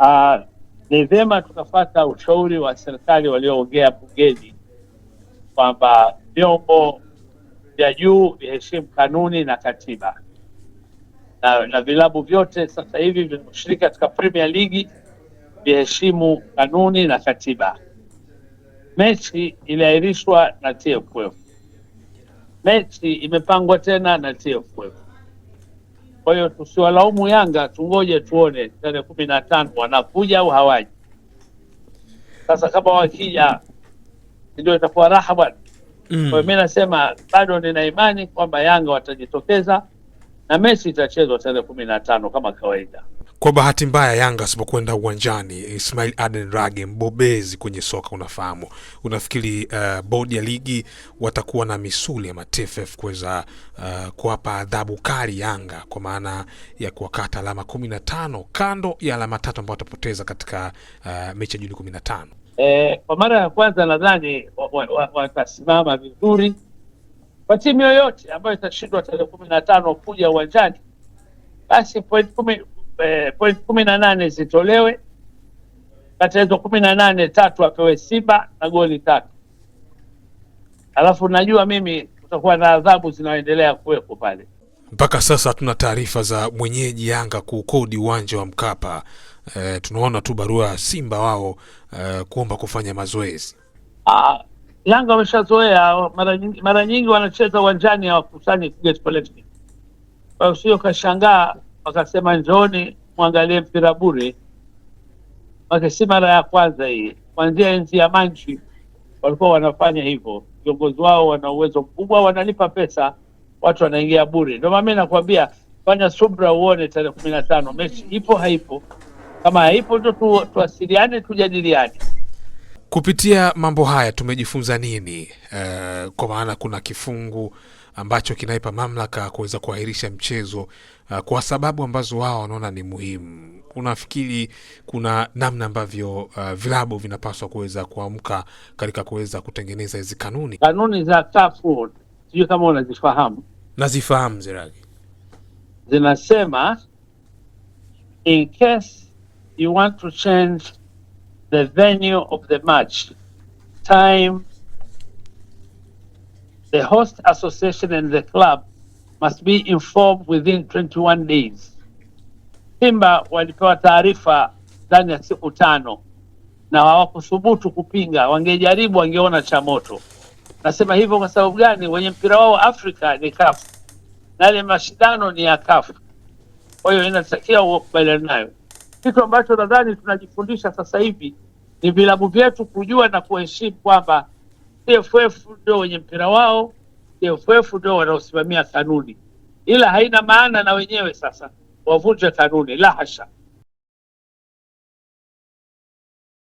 uh, ni vyema tukafata ushauri wa serikali walioongea bungeni kwamba vyombo vya juu viheshimu kanuni na katiba na, na vilabu vyote sasa hivi vinashiriki katika Premier League viheshimu kanuni na katiba. Mechi iliahirishwa na TFF, mechi imepangwa tena na TFF kwa hiyo tusiwalaumu Yanga, tungoje tuone tarehe kumi na tano wanakuja au hawaji. Sasa kama wakija ndio itakuwa raha bwana. Mm. Kwa mi nasema bado nina imani kwamba Yanga watajitokeza na mechi itachezwa tarehe kumi na tano kama kawaida. Kwa bahati mbaya Yanga asipokwenda uwanjani, Ismail Aden Rage mbobezi kwenye soka, unafahamu. Unafikiri uh, bodi ya ligi watakuwa na misuli ama TFF kuweza uh, kuwapa adhabu kali Yanga kwa maana ya kuwakata alama kumi na tano kando ya alama tatu ambayo watapoteza katika uh, mechi ya Juni kumi na tano? Eh, kwa mara ya kwanza nadhani watasimama wa, wa, wa, vizuri kwa timu yoyote ambayo itashindwa tarehe kumi na tano kuja uwanjani, basi kumi Eh, point kumi na nane zitolewe kati ya hizo kumi na nane tatu apewe Simba na goli tatu. Alafu najua mimi kutakuwa na adhabu zinaoendelea kuwepo pale. Mpaka sasa hatuna taarifa za mwenyeji Yanga kuukodi uwanja wa Mkapa. E, tunaona tu barua ya Simba wao e, kuomba kufanya mazoezi. Ah, Yanga wameshazoea mara nyingi, mara nyingi wanacheza uwanjani hawakusanyi Kwa hiyo sio kashangaa wakasema njoni mwangalie mpira bure, make si mara ya kwanza hii. Kuanzia enzi ya Manchi walikuwa wanafanya hivyo, viongozi wao wana uwezo mkubwa, wanalipa pesa, watu wanaingia bure. Ndio mi mimi nakwambia fanya subra, uone tarehe kumi na tano mechi ipo haipo. Kama haipo ndio tu, tuasiliane tujadiliane. Kupitia mambo haya tumejifunza nini? Uh, kwa maana kuna kifungu ambacho kinaipa mamlaka kuweza kuahirisha mchezo uh, kwa sababu ambazo wao wanaona ni muhimu. Unafikiri kuna namna ambavyo uh, vilabu vinapaswa kuweza kuamka katika kuweza kutengeneza hizi kanuni kanuni za CAF? Sijui kama unazifahamu. Nazifahamu Ziragi, zinasema in case you want to change the venue of the match time the host association and the club must be informed within 21 days. Simba walipewa taarifa ndani ya siku tano na hawakuthubutu kupinga. Wangejaribu wangeona cha moto. Nasema hivyo kwa sababu gani? Wenye mpira wao Afrika ni kafu na yale mashindano ni ya kafu, kwa hiyo inatakiwa ukubaliana nayo. Kitu ambacho nadhani tunajifundisha sasa hivi ni vilabu vyetu kujua na kuheshimu kwamba TFF ndio wenye mpira wao, TFF ndio wanaosimamia kanuni, ila haina maana na wenyewe sasa wavunje kanuni, la hasha.